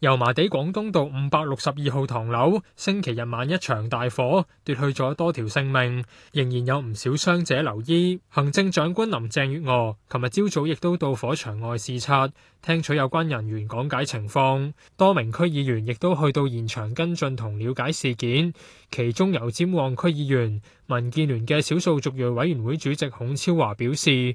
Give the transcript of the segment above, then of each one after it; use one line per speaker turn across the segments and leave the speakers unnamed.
油麻地廣東道五百六十二號唐樓星期日晚一場大火奪去咗多條性命，仍然有唔少傷者留醫。行政長官林鄭月娥琴日朝早亦都到火場外視察，聽取有關人員講解情況。多名區議員亦都去到現場跟進同了解事件，其中油尖旺區議員、民建聯嘅少數族裔委員會主席孔超華表示。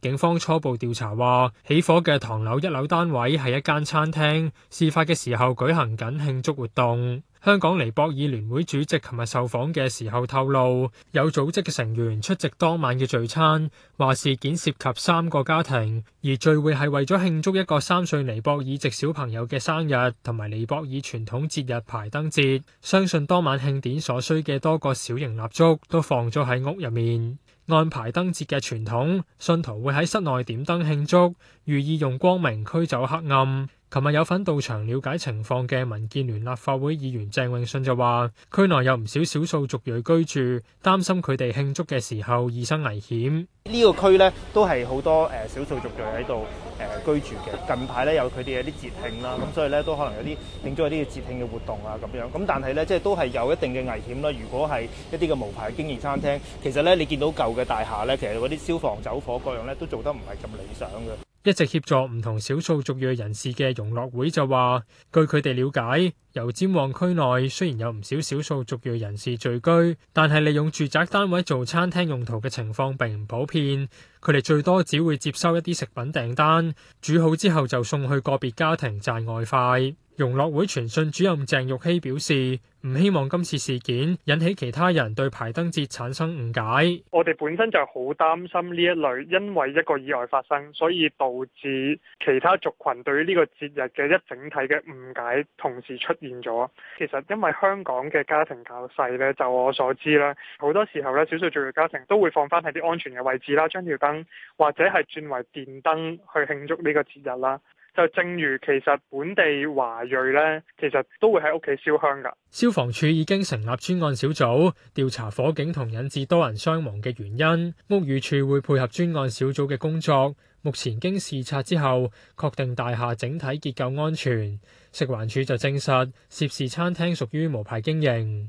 警方初步調查話，起火嘅唐樓一樓單位係一間餐廳，事發嘅時候舉行緊慶祝活動。香港尼泊爾聯會主席琴日受訪嘅時候透露，有組織嘅成員出席當晚嘅聚餐，話事件涉及三個家庭，而聚會係為咗慶祝一個三歲尼泊爾籍小朋友嘅生日，同埋尼泊爾傳統節日排燈節。相信當晚慶典所需嘅多個小型蠟燭都放咗喺屋入面。按排燈節嘅傳統，信徒會喺室內點燈慶祝，寓意用光明驅走黑暗。琴日有份到場了解情況嘅民建聯立法會議員鄭泳舜就話，區內有唔少少數族裔居住，擔心佢哋慶祝嘅時候易生危險。呢個區咧都係好多誒少數族裔喺度誒居住嘅。近排咧有佢哋有啲節慶啦，咁所以咧都可能有啲定咗一啲節慶嘅活動啊咁樣。咁但係咧即係都係有一定嘅危險啦。如果係一啲嘅無牌經營餐廳，其實咧你見到舊嘅大廈咧，其實嗰啲消防走火各樣咧都做得唔係咁理想嘅。一直協助唔同少數族裔人士嘅融樂會就話，據佢哋了解，油尖旺區內雖然有唔少少數族裔人士聚居，但係利用住宅單位做餐廳用途嘅情況並唔普遍。佢哋最多只會接收一啲食品訂單，煮好之後就送去個別家庭賺外快。融樂會傳訊主任鄭玉希表示。唔希望今次事件引起其他人對排燈節產生誤解。我哋本身就好擔心呢一類，因為一個意外發生，所以導致其他族群對於呢個節日嘅一整體嘅誤解同時出現咗。其實因為香港嘅家庭較細咧，就我所知啦，好多時候咧，少數族裔家庭都會放翻喺啲安全嘅位置啦，將條燈或者係轉為電燈去慶祝呢個節日啦。就正如其實本地華裔咧，其實都會喺屋企燒香噶。消防處已經成立專案小組調查火警同引致多人傷亡嘅原因，屋宇署會配合專案小組嘅工作。目前經視察之後，確定大廈整體結構安全。食環署就證實涉事餐廳屬於無牌經營。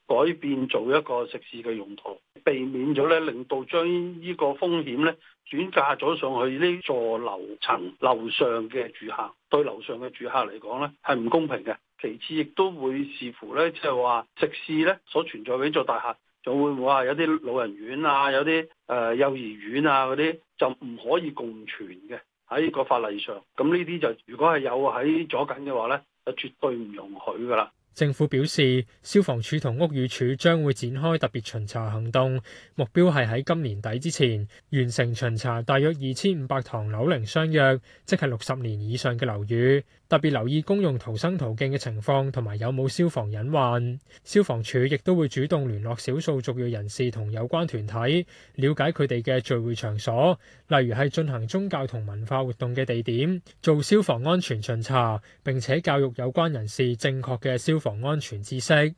改變做一個食肆嘅用途，避免咗咧，令到將呢個風險咧轉嫁咗上去呢座樓層樓上嘅住客，對樓上嘅住客嚟講咧係唔公平嘅。其次亦都會視乎咧，即係話食肆咧所存在嗰座大廈，就會唔會話有啲老人院啊，有啲誒、呃、幼兒園啊嗰啲，就唔可以共存嘅喺個法例上。咁呢啲就如果係有喺左近嘅話咧，就絕對唔容許噶啦。
政府表示，消防處同屋宇署將會展開特別巡查行動，目標係喺今年底之前完成巡查，大約二千五百幢樓齡相約，即係六十年以上嘅樓宇。特別留意公用逃生途徑嘅情況，同埋有冇消防隱患。消防處亦都會主動聯絡少數族裔人士同有關團體，了解佢哋嘅聚會場所，例如係進行宗教同文化活動嘅地點，做消防安全巡查，並且教育有關人士正確嘅消防安全知識。